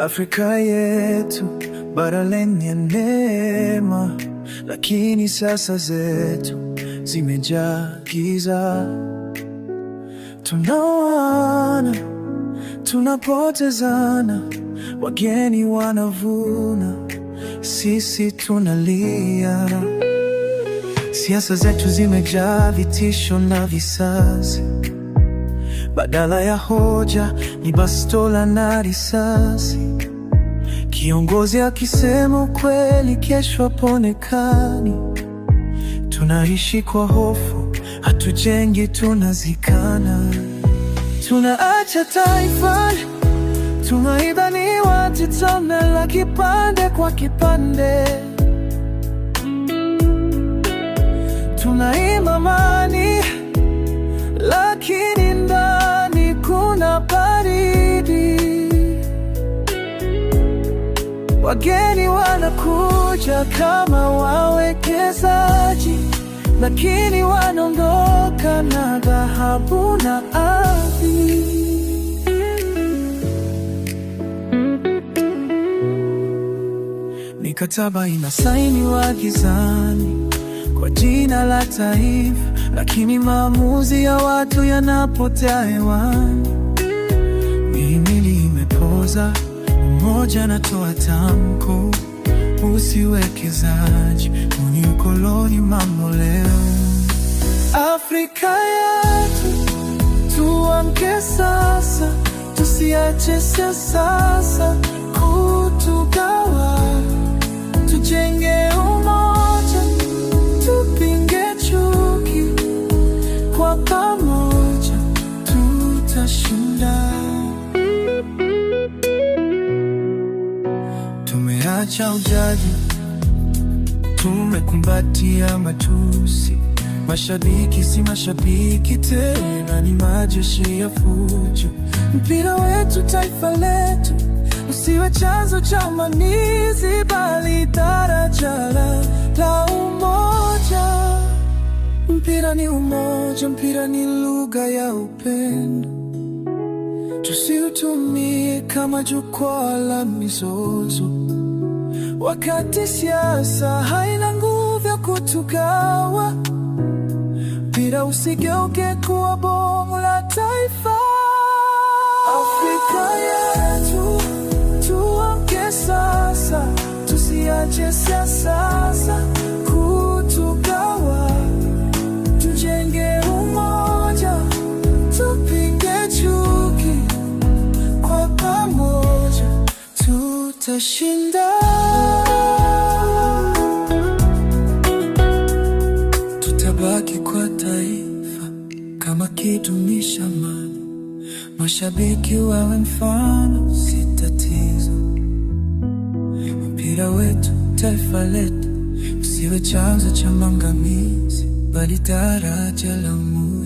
Afrika yetu bara lenye neema, lakini sasa zetu zimejaa giza. Tunaoana, tunapotezana, wageni wanavuna, sisi tunalia. Siasa zetu zimejaa vitisho na visasi badala ya hoja ni bastola na risasi. Kiongozi akisema kweli kesho aponekani. Tunaishi kwa hofu, hatujengi, tunazikana. Tunaacha taifa tunaidhaniwa, watitona la kipande kwa kipande Wageni wanakuja kama wawekezaji, lakini wanaondoka na dhahabu na ardhi. Mikataba inasainiwa gizani kwa jina la taifa, lakini maamuzi ya watu yanapotea hewani. Mihimili imepoza moja natoa tamko, usiwekezaji unikoloni ukoloni mambo leo. Afrika yetu tuamke sasa, tusiache siasa kina cha ujaji, tumekumbatia matusi. Mashabiki si mashabiki tena, ni majeshi ya fujo. Mpira wetu, taifa letu, usiwe chanzo cha umanizi, bali daraja la umoja. Mpira ni umoja, mpira ni lugha ya upendo tusiutumie kama jukwaa la mizozo wakati siasa haina nguvu ya kutugawa, mpira usigeuke kuwa bomu la taifa. Afrika yetu tuamke sasa, tusiache siasa kutugawa, tujenge umoja, tupinge chuki, kwa pamoja tutashinda. kubaki kwa taifa kama kitumisha mali, mashabiki wawe mfano, si tatizo. Mpira wetu, taifa letu, usiwe chanzo cha mangamizi, bali daraja la